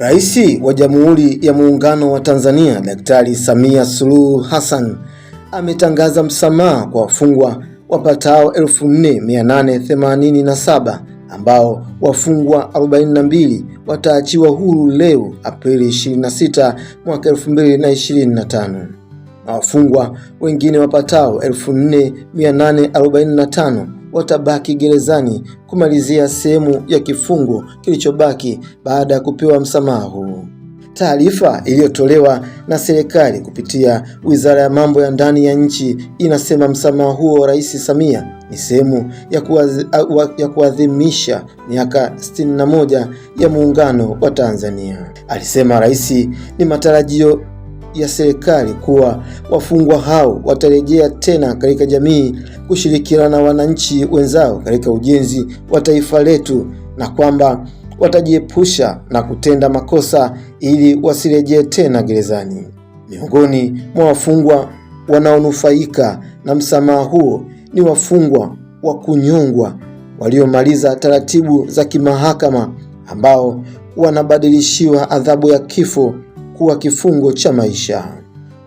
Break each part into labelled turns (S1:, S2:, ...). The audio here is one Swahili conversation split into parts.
S1: Rais wa Jamhuri ya Muungano wa Tanzania Daktari Samia Suluhu Hassan ametangaza msamaha kwa wafungwa wapatao 4887 ambao wafungwa 42 wataachiwa huru leo Aprili 26 mwaka 2025 na wafungwa wengine wapatao 4845 watabaki gerezani kumalizia sehemu ya kifungo kilichobaki baada ya kupewa msamaha huu. Taarifa iliyotolewa na serikali kupitia Wizara ya Mambo ya Ndani ya nchi inasema msamaha huo Rais Samia ni sehemu ya kuadhimisha miaka 61 ya muungano wa Tanzania. Alisema rais, ni matarajio ya serikali kuwa wafungwa hao watarejea tena katika jamii kushirikiana na wananchi wenzao katika ujenzi wa taifa letu na kwamba watajiepusha na kutenda makosa ili wasirejee tena gerezani. Miongoni mwa wafungwa wanaonufaika na msamaha huo ni wafungwa wa kunyongwa waliomaliza taratibu za kimahakama ambao wanabadilishiwa adhabu ya kifo kuwa kifungo cha maisha.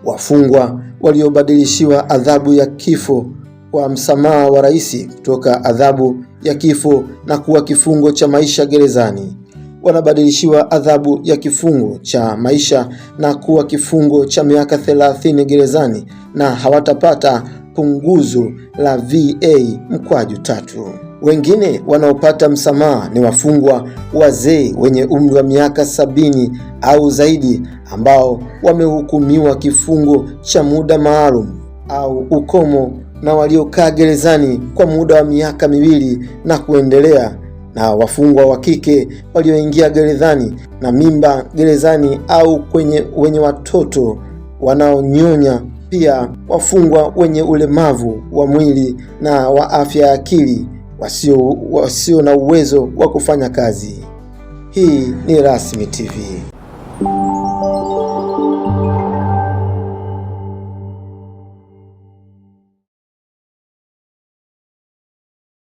S1: Wafungwa waliobadilishiwa adhabu ya kifo kwa msamaha wa rais kutoka adhabu ya kifo na kuwa kifungo cha maisha gerezani wanabadilishiwa adhabu ya kifungo cha maisha na kuwa kifungo cha miaka 30 gerezani na hawatapata punguzo la VA mkwaju tatu. Wengine wanaopata msamaha ni wafungwa wazee wenye umri wa miaka sabini au zaidi ambao wamehukumiwa kifungo cha muda maalum au ukomo na waliokaa gerezani kwa muda wa miaka miwili na kuendelea, na wafungwa wa kike walioingia gerezani na mimba gerezani au kwenye wenye watoto wanaonyonya, pia wafungwa wenye ulemavu wa mwili na wa afya ya akili wasio, wasio na uwezo wa kufanya kazi. Hii ni Rasmi TV. Música